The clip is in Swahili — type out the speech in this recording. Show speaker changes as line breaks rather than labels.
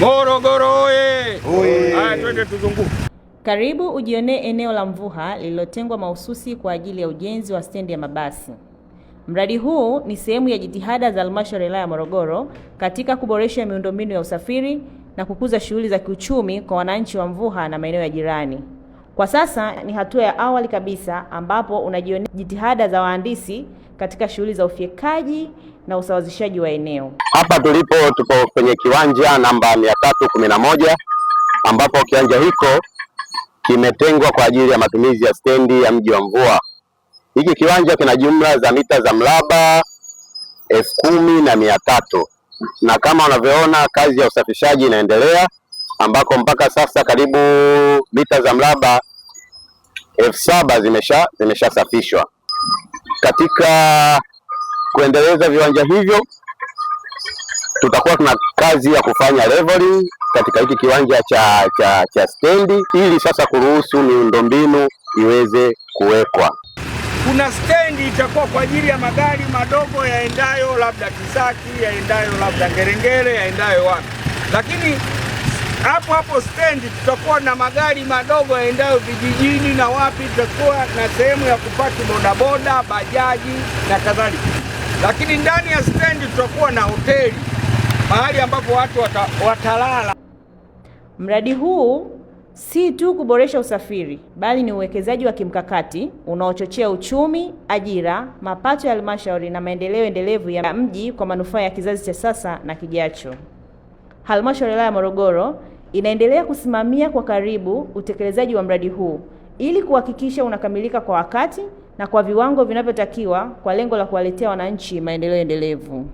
Morogoro oye! Haya, twende tuzunguke.
Karibu ujionee eneo la Mvuha lililotengwa mahususi kwa ajili ya ujenzi wa stendi ya mabasi. Mradi huu ni sehemu ya jitihada za halmashauri ya wilaya ya Morogoro katika kuboresha miundombinu ya usafiri na kukuza shughuli za kiuchumi kwa wananchi wa Mvuha na maeneo ya jirani. Kwa sasa ni hatua ya awali kabisa ambapo unajionea jitihada za wahandisi katika shughuli za ufyekaji na usawazishaji wa eneo.
Hapa tulipo tuko kwenye kiwanja namba mia tatu kumi na moja ambapo kiwanja hiko kimetengwa kwa ajili ya matumizi ya stendi ya Mji wa Mvua. Hiki kiwanja kina jumla za mita za mraba elfu kumi na mia tatu na kama unavyoona kazi ya usafishaji inaendelea ambako mpaka sasa karibu mita za mraba elfu saba zimesha zimeshasafishwa katika kuendeleza viwanja hivyo tutakuwa tuna kazi ya kufanya leveling katika hiki kiwanja cha, cha, cha stendi ili sasa kuruhusu miundombinu iweze kuwekwa.
Kuna stendi itakuwa kwa ajili ya magari madogo yaendayo labda Kisaki, yaendayo labda Ngerengere, yaendayo wapi, lakini hapo hapo stendi tutakuwa na magari madogo yaendayo vijijini na wapi, tutakuwa na sehemu ya kupaki bodaboda, bajaji na kadhalika. Lakini ndani ya stendi tutakuwa na hoteli, mahali ambapo watu wata, watalala.
Mradi huu si tu kuboresha usafiri bali ni uwekezaji wa kimkakati unaochochea uchumi, ajira, mapato ya halmashauri na maendeleo endelevu ya mji kwa manufaa ya kizazi cha sasa na kijacho. Halmashauri ya ya Morogoro inaendelea kusimamia kwa karibu utekelezaji wa mradi huu ili kuhakikisha unakamilika kwa wakati na kwa viwango vinavyotakiwa kwa lengo la kuwaletea wananchi maendeleo endelevu.